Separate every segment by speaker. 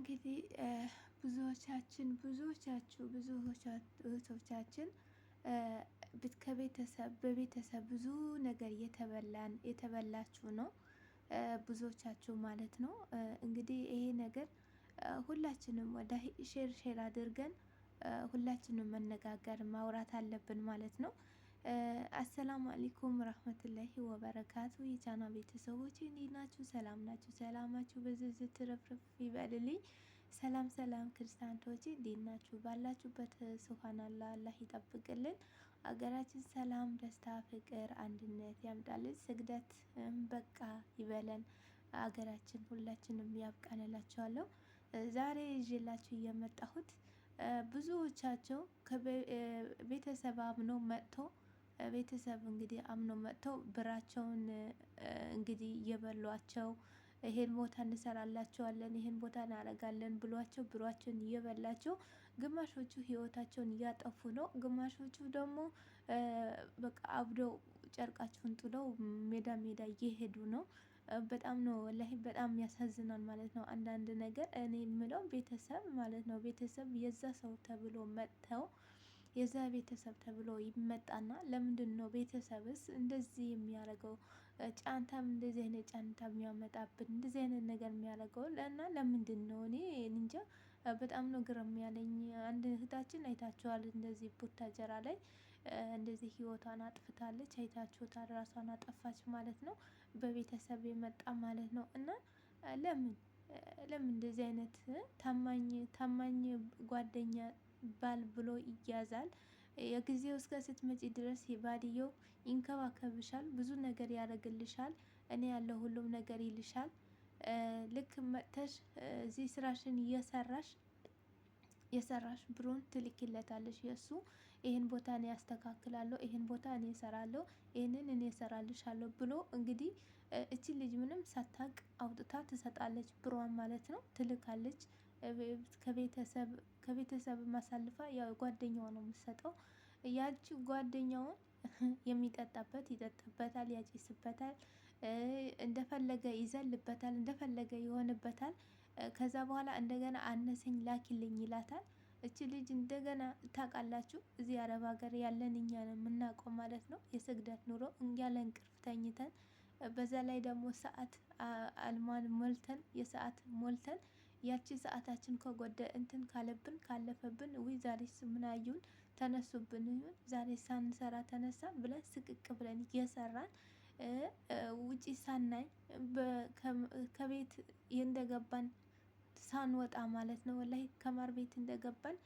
Speaker 1: እንግዲህ ብዙዎቻችን ብዙዎቻችሁ ብዙ እህቶቻችን ከቤተሰብ በቤተሰብ ብዙ ነገር የተበላን የተበላችሁ ነው ብዙዎቻችሁ ማለት ነው። እንግዲህ ይሄ ነገር ሁላችንም ወደ ሼር ሼር አድርገን ሁላችንም መነጋገር ማውራት አለብን ማለት ነው። አሰላሙ አለይኩም ረህመቱላሂ ወበረካቱ የቻና ቤተሰቦች እንዴት ናችሁ? ሰላም ናችሁ? ሰላማችሁ በዝዝት ትረፍርፍ ይበልልኝ። ሰላም ሰላም ክርስቲያንቶች እንዴት ናችሁ? ባላችሁበት ሱብሃናላ አላህ ይጠብቅልን። አገራችን ሰላም፣ ደስታ፣ ፍቅር፣ አንድነት ያምጣልን። ስግደት በቃ ይበለን። አገራችን ሁላችንም ያብቃን ዛሬ ይዤላችሁ እየመጣሁት ብዙዎቻቸው ቤተሰብ አምኖ መጥቶ ቤተሰብ እንግዲህ አምኖ መጥተው ብራቸውን እንግዲህ እየበሏቸው ይሄን ቦታ እንሰራላቸዋለን ይሄን ቦታ እናረጋለን ብሏቸው ብሯቸውን እየበላቸው ግማሾቹ ህይወታቸውን እያጠፉ ነው። ግማሾቹ ደግሞ በቃ አብደው ጨርቃቸውን ጥለው ሜዳ ሜዳ እየሄዱ ነው። በጣም ነው ወላሂ በጣም ያሳዝናል ማለት ነው። አንዳንድ ነገር እኔ የምለው ቤተሰብ ማለት ነው ቤተሰብ የዛ ሰው ተብሎ መጥተው የዛ ቤተሰብ ተብሎ ይመጣና ለምንድን ነው ቤተሰብስ እንደዚህ የሚያደርገው? ጫንታም እንደዚህ አይነት ጫንታ የሚያመጣብን እንደዚህ አይነት ነገር የሚያደርገው እና ለምንድን ነው? እኔ እንጃ በጣም ነው ግርም ያለኝ። አንድ እህታችን አይታችኋል፣ እንደዚህ ቡታጀራ ላይ እንደዚህ ህይወቷን አጥፍታለች። አይታችሁታል፣ ራሷን አጠፋች ማለት ነው። በቤተሰብ የመጣ ማለት ነው እና ለምን ለምን እንደዚህ አይነት ታማኝ ታማኝ ጓደኛ ባል ብሎ ይያዛል። የጊዜው እስከ ስትመጪ ድረስ የባልየው ይንከባከብሻል፣ ብዙ ነገር ያደርግልሻል፣ እኔ ያለው ሁሉም ነገር ይልሻል። ልክ መጥተሽ እዚህ ስራሽን እየሰራሽ የሰራሽ ብሩን ትልኪለታለሽ። የእሱ ይህን ቦታ እኔ ያስተካክላለሁ፣ ይህን ቦታ እኔ እሰራለሁ፣ ይህንን እኔ እሰራልሻለሁ ብሎ እንግዲህ እቺ ልጅ ምንም ሳታቅ አውጥታ ትሰጣለች፣ ብሯን ማለት ነው ትልካለች። ከቤተሰብ ማሳልፋ ያው ጓደኛዋ ነው የምትሰጠው። ያቺ ጓደኛውን የሚጠጣበት ይጠጣበታል ያጨስበታል እንደፈለገ ይዘልበታል እንደፈለገ ይሆንበታል። ከዛ በኋላ እንደገና አነሰኝ ላኪልኝ ይላታል። እቺ ልጅ እንደገና ታውቃላችሁ እዚህ አረብ ሀገር ያለን እኛ ነን የምናውቀው ማለት ነው። የስግደት ኑሮ ያለ እንቅልፍ ተኝተን በዛ ላይ ደግሞ ሰዓት አልሟል ሞልተን የሰዓት ሞልተን ያቺ ሰዓታችን ከጎደ እንትን ካለብን ካለፈብን ዊ ዛሬ ስምናዩን ተነሱብን ይሁን ዛሬ ሳንሰራ ተነሳን ብለን ስቅቅ ብለን እየሰራን ውጪ ሳናይ ከቤት እንደገባን ሳንወጣ ማለት ነው። ወላሂ ከማር ቤት እንደገባን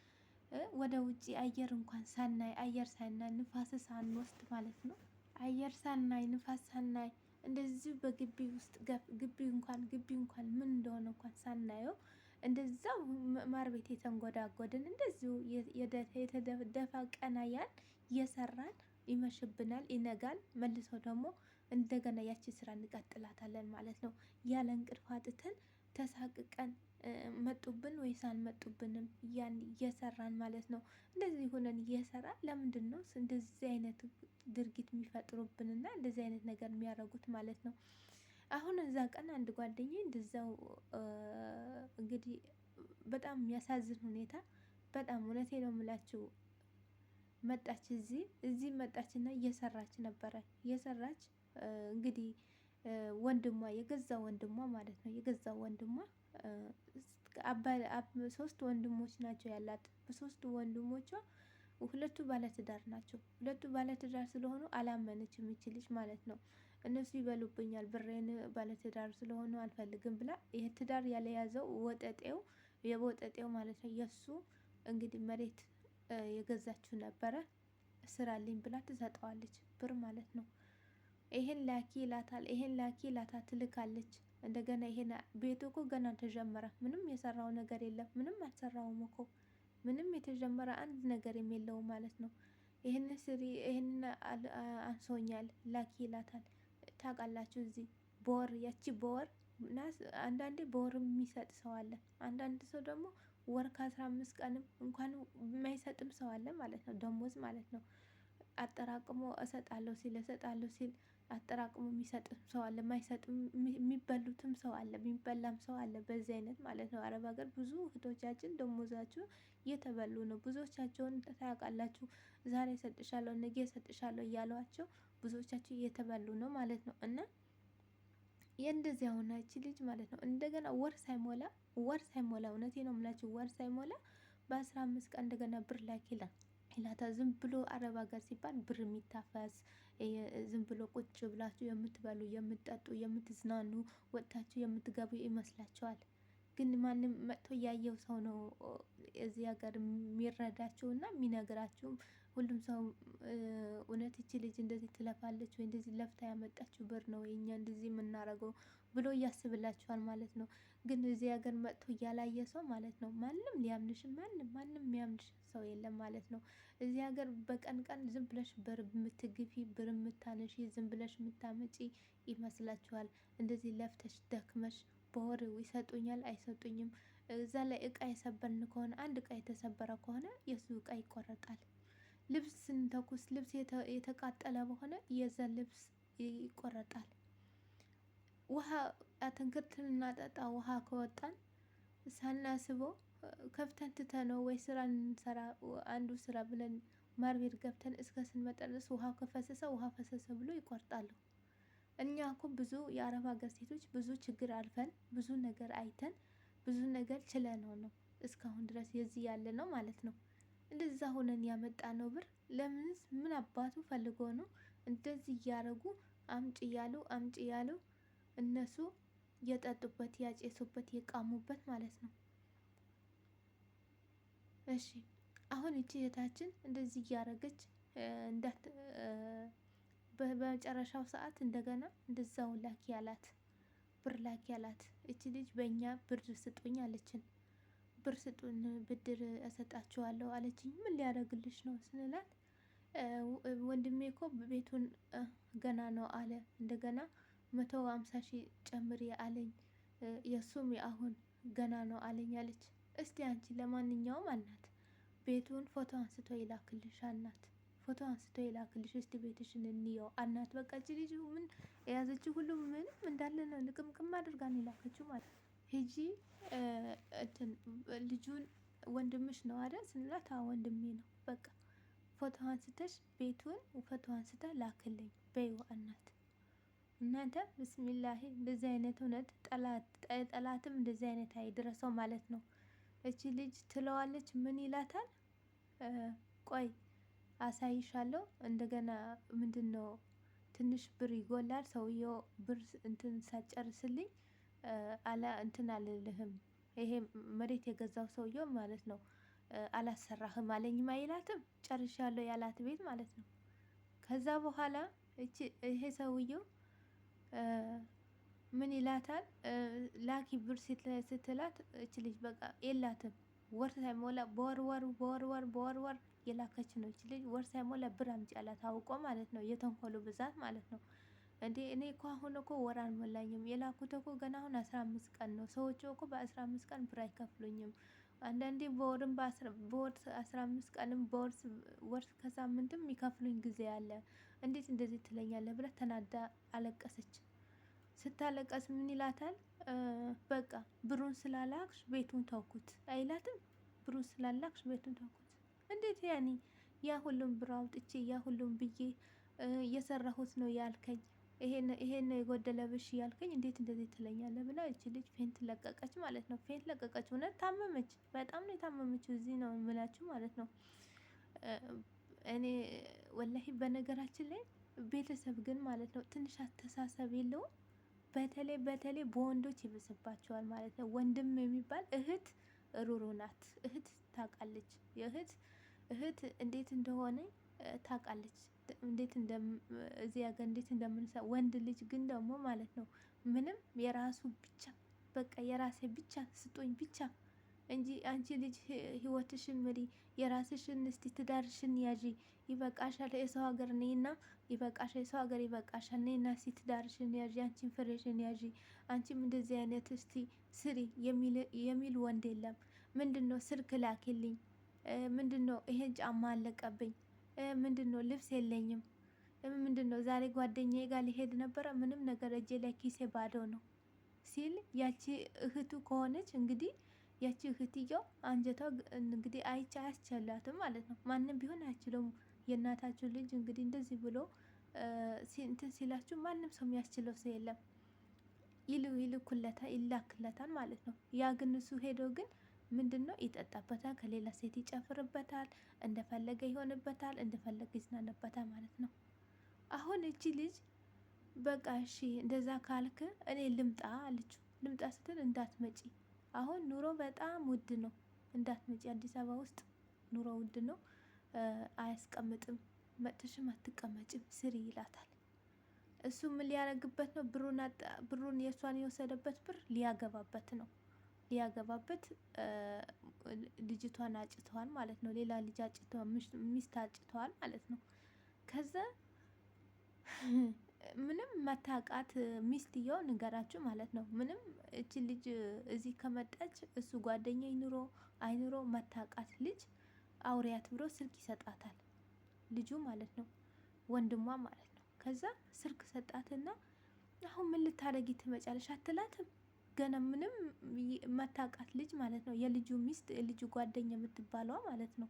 Speaker 1: ወደ ውጪ አየር እንኳን ሳናይ አየር ሳናይ ንፋስ ሳንወስድ ማለት ነው። አየር ሳናይ ንፋስ ሳናይ እንደዚህ በግቢ ውስጥ ግቢ እንኳን ግቢ እንኳን ምን እንደሆነ እንኳን ሳናየው እንደዛው ማር ቤት የተንጎዳጎድን እንደዚሁ የተደፋ ቀና ያን እየሰራን ይመሽብናል፣ ይነጋል። መልሰው ደግሞ እንደገና ያቺ ስራ እንቀጥላታለን ማለት ነው። ያለ እንቅልፍ አጥተን ተሳቅቀን መጡብን ወይስ አልመጡብንም ያን እየሰራን ማለት ነው። እንደዚህ ሆነን እየሰራን ለምንድን ነው እንደዚህ አይነት ድርጊት የሚፈጥሩብንና እንደዚህ አይነት ነገር የሚያደርጉት ማለት ነው። አሁን እዛ ቀን አንድ ጓደኛ እንደዛው እንግዲህ በጣም የሚያሳዝን ሁኔታ በጣም እውነቴ ነው የምላችሁ መጣች እዚህ እዚህ መጣችና እየሰራች ነበረ እየሰራች እንግዲህ ወንድሟ የገዛ ወንድሟ ማለት ነው የገዛ ወንድሟ ሶስት ወንድሞች ናቸው ያላት በሶስቱ ወንድሞቿ ሁለቱ ባለትዳር ናቸው። ሁለቱ ባለትዳር ስለሆኑ አላመነች የሚችልች ማለት ነው። እነሱ ይበሉብኛል ብሬን ባለትዳር ስለሆኑ አልፈልግም ብላ ይህ ትዳር ያለያዘው ወጠጤው የወጠጤው ማለት ነው የእሱ እንግዲህ መሬት የገዛችው ነበረ ስራልኝ ብላ ትሰጠዋለች ብር ማለት ነው። ይሄን ላኪ ይላታል። ይሄን ላኪ ይላታ ትልካለች። እንደገና ይሄን ቤቱ እኮ ገና ተጀመረ ምንም የሰራው ነገር የለም። ምንም አልሰራውም እኮ ምንም የተጀመረ አንድ ነገር የሌለው ማለት ነው። ይህን ስሪ፣ ይህን አንሶኛል ላኪ ይላታል። ታውቃላችሁ እዚህ በወር ያቺ በወር አንዳንዴ በወር የሚሰጥ ሰው አለ። አንዳንድ ሰው ደግሞ ወር ከአስራ አምስት ቀንም እንኳን የማይሰጥም ሰው አለ ማለት ነው። ደሞዝ ማለት ነው። አጠራቅሞ እሰጣለሁ ሲል እሰጣለሁ ሲል አጠራቅሞ የሚሰጥም ሰው አለ፣ የማይሰጥም የሚበሉትም ሰው አለ፣ የሚበላም ሰው አለ። በዚህ አይነት ማለት ነው። አረብ ሀገር ብዙ እህቶቻችን ደሞዛቸው እየተበሉ ነው። ብዙዎቻቸውን ታያውቃላችሁ። ዛሬ እሰጥሻለሁ፣ ነገ እሰጥሻለሁ እያሏቸው ብዙዎቻቸው እየተበሉ ነው ማለት ነው እና የእንደዚህ ሆናች ልጅ ማለት ነው። እንደገና ወር ሳይሞላ ወር ሳይሞላ እውነቴ ነው የምላችሁ ወር ሳይሞላ በአስራ አምስት ቀን እንደገና ብር ላኪ ይላል። ይላታ ዝም ብሎ አረብ ሀገር ሲባል ብር የሚታፈስ ዝም ብሎ ቁጭ ብላችሁ የምትበሉ የምትጠጡ የምትዝናኑ ወጥታችሁ የምትገቡ ይመስላችኋል። ግን ማንም መጥቶ ያየው ሰው ነው እዚህ ሀገር የሚረዳችሁ እና የሚነግራችሁም። ሁሉም ሰው እውነት ይቺ ልጅ እንደዚህ ትለፋለች ወይ እንደዚህ ለፍታ ያመጣችው ብር ነው የእኛ እንደዚህ የምናረገው ብሎ እያስብላችኋል ማለት ነው። ግን እዚህ ሀገር መጥቶ እያላየ ሰው ማለት ነው ማንም ሊያምንሽ ማንም ማንም የሚያምንሽ ሰው የለም ማለት ነው። እዚህ ሀገር በቀን ቀን ዝም ብለሽ በር የምትግፊ ብር የምታነሺ ዝም ብለሽ የምታመጪ ይመስላችኋል። እንደዚህ ለፍተሽ ደክመሽ በወር ይሰጡኛል አይሰጡኝም። እዛ ላይ እቃ የሰበርን ከሆነ አንድ እቃ የተሰበረ ከሆነ የሱ እቃ ይቆረጣል። ልብስ ስንተኩስ ልብስ የተቃጠለ በሆነ የዛ ልብስ ይቆረጣል። ውሃ አተንክርትን እናጠጣ ውሃ ከወጣን ሳናስበው ከፍተን ትተነው ወይ ስራ እንሰራ አንዱ ስራ ብለን ማርቤት ገብተን እስከ ስንመጣ ውሃ ከፈሰሰ ውሃ ፈሰሰ ብሎ ይቆርጣሉ። እኛ እኮ ብዙ የአረብ ሀገር ሴቶች ብዙ ችግር አልፈን ብዙ ነገር አይተን ብዙ ነገር ችለነው ነው እስካሁን ድረስ የዚህ ያለ ነው ማለት ነው። እንደዛ ሆነን ነው ብር ለምንስ ምን አባቱ ፈልጎ ነው እንደዚህ እያረጉ አምጭ እያሉ አምጭ እያሉ እነሱ የጠጡበት ያጨሱበት የቃሙበት ማለት ነው። እሺ አሁን እቺ እህታችን እንደዚህ እያደረገች እንዳት በመጨረሻው ሰዓት እንደገና እንደዛው ላኪ ያላት ብር ላኪ ያላት እቺ ልጅ በእኛ ብር ስጡኝ አለችን። ብር ስጡን ብድር እሰጣችኋለሁ አለችኝ። ምን ሊያደርግልሽ ነው ስንላት ወንድሜ እኮ ቤቱን ገና ነው አለ እንደገና መቶ አምሳ ሺህ ጨምር አለኝ። የእሱም የአሁን ገና ነው አለኝ አለች። እስቲ አንቺ ለማንኛውም አልናት ቤቱን ፎቶ አንስቶ ይላክልሽ አልናት። ፎቶ አንስቶ ይላክልሽ እስቲ ቤትሽን እንየው አልናት። በቃ እቺ ልጅ ምን የያዘች ሁሉም ምንም እንዳለ ነው ልቅምቅም አድርጋ ነው የላከችው ማለት ነው። ሂጂ እንትን ልጁን ወንድምሽ ነው አይደል ስንላት፣ ወንድሜ ነው በቃ ፎቶ አንስተሽ ቤቱን ፎቶ አንስተ ላክልኝ በይው አልናት። እናንተ ብስሚላሂ እንደዚህ አይነት እውነት ጠላትም እንደዚህ አይነት አይድረሰው ማለት ነው። እቺ ልጅ ትለዋለች፣ ምን ይላታል? ቆይ አሳይሻለሁ። እንደገና ምንድን ነው ትንሽ ብር ይጎላል። ሰውየው ብር እንትን ሳጨርስልኝ አላ እንትን አልልህም። ይሄ መሬት የገዛው ሰውየው ማለት ነው አላሰራህም አለኝም አይላትም። ጨርሻለሁ ያላት ቤት ማለት ነው። ከዛ በኋላ ይሄ ሰውየው ምን ይላታል ላኪ ብር ስትላት እች ልጅ በቃ የላትም ወር ሳይሞላ በወርወር በወርወር በወርወር የላከች ነው እች ልጅ ወር ሳይሞላ ብር አምጪ አላት አውቆ ማለት ነው የተንኮሉ ብዛት ማለት ነው እንዴ እኔ እኮ አሁን እኮ ወር አልሞላኝም የላኩት እኮ ገና አሁን አስራ አምስት ቀን ነው ሰዎች እኮ በአስራ አምስት ቀን ብር አይከፍሉኝም አንዳንዴ በወርም በወር አስራ አምስት ቀንም በወር ወር ከሳምንትም የሚከፍሉኝ ጊዜ አለ። እንዴት እንደዚህ ትለኛለህ ብላ ተናዳ አለቀሰች። ስታለቀስ ምን ይላታል? በቃ ብሩን ስላላክሽ ቤቱን ተውኩት አይላትም? ብሩን ስላላክሽ ቤቱን ተውኩት። እንዴት ያኔ ያ ሁሉም ብር አውጥቼ ያ ሁሉም ብዬ እየሰራሁት ነው ያልከኝ ይሄን የጎደለብሽ እያልከኝ እንዴት እንደዚህ ትለኛለ ብላ እች ልጅ ፌንት ለቀቀች ማለት ነው። ፌንት ለቀቀች። እውነት ታመመች፣ በጣም ነው የታመመችው። እዚህ ነው የምላችሁ ማለት ነው። እኔ ወላሂ በነገራችን ላይ ቤተሰብ ግን ማለት ነው ትንሽ አስተሳሰብ የለውም። በተለይ በተለይ በወንዶች ይብስባቸዋል ማለት ነው። ወንድም የሚባል እህት ሩሩ ናት። እህት ታውቃለች፣ የእህት እህት እንዴት እንደሆነ ታውቃለች። እንዴት እዚያ ጋር እንዴት እንደምንሰ ወንድ ልጅ ግን ደግሞ ማለት ነው ምንም የራሱ ብቻ በቃ የራሴ ብቻ ስጦኝ ብቻ እንጂ አንቺ ልጅ ህይወትሽን ምሪ፣ የራስሽን እስቲ ትዳርሽን ያዢ፣ ይበቃሻል፣ የሰው ሀገር ነይና ይበቃሻል፣ የሰው ሀገር ይበቃሻል፣ ነይና እስቲ ትዳርሽን ያዢ፣ አንቺን ፍሬሽን ያዢ፣ አንቺም እንደዚህ አይነት እስቲ ስሪ የሚል ወንድ የለም። ምንድን ነው ስልክ ላኪልኝ፣ ምንድን ነው ይሄን ጫማ አለቀብኝ ምንድን ነው ልብስ የለኝም፣ ምንድን ነው ዛሬ ጓደኛዬ ጋር ሊሄድ ነበረ፣ ምንም ነገር እጄ ላይ ኪሴ ባዶ ነው ሲል ያቺ እህቱ ከሆነች እንግዲህ ያቺ እህትየው አንጀቷ እንግዲህ አይቻ አያስቸላትም ማለት ነው። ማንም ቢሆን አያችለውም። የእናታችሁ ልጅ እንግዲህ እንደዚህ ብሎ እንትን ሲላችሁ ማንም ሰው የሚያስችለው ሰው የለም። ይሉ ይልኩለታል ይላክለታል ማለት ነው። ያ ግን እሱ ሄዶ ግን ምንድን ነው ይጠጣበታል፣ ከሌላ ሴት ይጨፍርበታል፣ እንደፈለገ ይሆንበታል፣ እንደፈለገ ይዝናንበታል ማለት ነው። አሁን እቺ ልጅ በቃ እሺ እንደዛ ካልክ እኔ ልምጣ አለችው። ልምጣ ስትል እንዳትመጪ፣ አሁን ኑሮ በጣም ውድ ነው፣ እንዳትመጪ። አዲስ አበባ ውስጥ ኑሮ ውድ ነው፣ አያስቀምጥም፣ መጥተሽም አትቀመጭም፣ ስሪ ይላታል። እሱ ምን ሊያደርግበት ነው? ብሩን የእሷን የወሰደበት ብር ሊያገባበት ነው። ቢያገባበት ልጅቷን አጭተዋል ማለት ነው። ሌላ ልጅ አጭተዋል፣ ሚስት አጭተዋል ማለት ነው። ከዛ ምንም መታቃት ሚስትየው ንገራችሁ ማለት ነው። ምንም እቺ ልጅ እዚህ ከመጣች እሱ ጓደኛ ይኑሮ አይኑሮ መታቃት ልጅ አውሪያት ብሎ ስልክ ይሰጣታል። ልጁ ማለት ነው፣ ወንድሟ ማለት ነው። ከዛ ስልክ ሰጣትና አሁን ምን ልታደርጊ ትመጫለሽ አትላትም ገና ምንም መታቃት ልጅ ማለት ነው። የልጁ ሚስት የልጁ ጓደኛ የምትባለዋ ማለት ነው።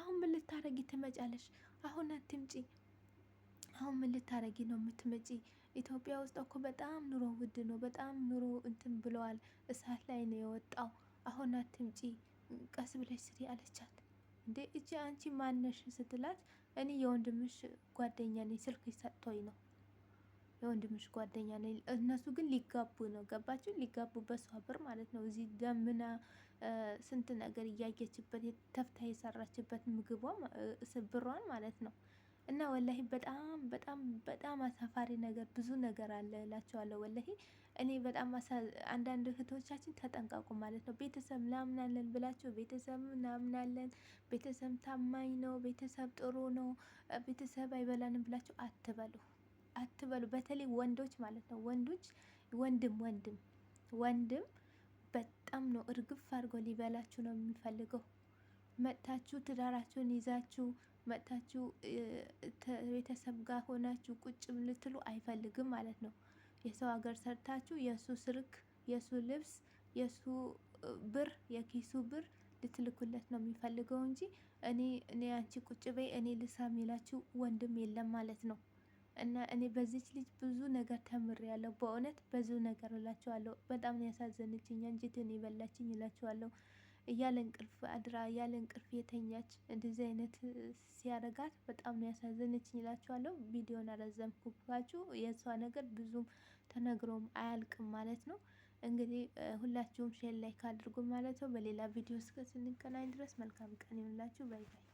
Speaker 1: አሁን ምን ልታረጊ ትመጫለሽ? አሁን አትምጪ። አሁን ምን ልታረጊ ነው የምትመጪ? ኢትዮጵያ ውስጥ እኮ በጣም ኑሮ ውድ ነው። በጣም ኑሮ እንትን ብለዋል። እሳት ላይ ነው የወጣው። አሁን አትምጪ፣ ቀስ ብለሽ ስሪ አለቻት። እንዴ እቺ አንቺ ማነሽ ስትላት፣ እኔ የወንድምሽ ጓደኛ ነኝ፣ ስልክ ሰጥቶኝ ነው የወንድምሽ ጓደኛ ነኝ። እነሱ ግን ሊጋቡ ነው። ገባችሁ? ሊጋቡ በሷ ብር ማለት ነው። እዚህ ደምና ስንት ነገር እያየችበት ተፍታ የሰራችበት ምግቧ ብሯን ማለት ነው። እና ወላሂ በጣም በጣም በጣም አሳፋሪ ነገር ብዙ ነገር አለ እላቸዋለሁ። ወላሂ እኔ በጣም አንዳንድ እህቶቻችን ተጠንቀቁ ማለት ነው። ቤተሰብ እናምናለን ብላችሁ ቤተሰብ እናምናለን፣ ቤተሰብ ታማኝ ነው፣ ቤተሰብ ጥሩ ነው፣ ቤተሰብ አይበላንም ብላችሁ አትበሉ። አትበሉ። በተለይ ወንዶች ማለት ነው። ወንዶች ወንድም ወንድም ወንድም በጣም ነው እርግፍ አድርጎ ሊበላችሁ ነው የሚፈልገው። መጥታችሁ ትዳራችሁን ይዛችሁ መጥታችሁ ቤተሰብ ጋር ሆናችሁ ቁጭ ልትሉ አይፈልግም ማለት ነው። የሰው ሀገር ሰርታችሁ የእሱ ስልክ፣ የእሱ ልብስ፣ የእሱ ብር፣ የኪሱ ብር ልትልኩለት ነው የሚፈልገው እንጂ እኔ እኔ አንቺ ቁጭ በይ እኔ ልሳ የሚላችሁ ወንድም የለም ማለት ነው። እና እኔ በዚች ልጅ ብዙ ነገር ተምሬያለሁ። በእውነት ብዙ ነገር እላችኋለሁ። በጣም ነው ያሳዘነችኝ፣ አንጀቴን የበላችኝ እላችኋለሁ። እያለ እንቅልፍ አድራ እያለ እንቅልፍ የተኛች እንደዚህ አይነት ሲያደርጋት በጣም ነው ያሳዘነችኝ እላችኋለሁ። ቪዲዮን አረዘምኩባችሁ። የእሷ ነገር ብዙም ተነግሮም አያልቅም ማለት ነው። እንግዲህ ሁላችሁም ሼር ላይክ አድርጉ ማለት ነው። በሌላ ቪዲዮ እስከ ስንገናኝ ድረስ መልካም ቀን ይሁንላችሁ። ባይ ባይ።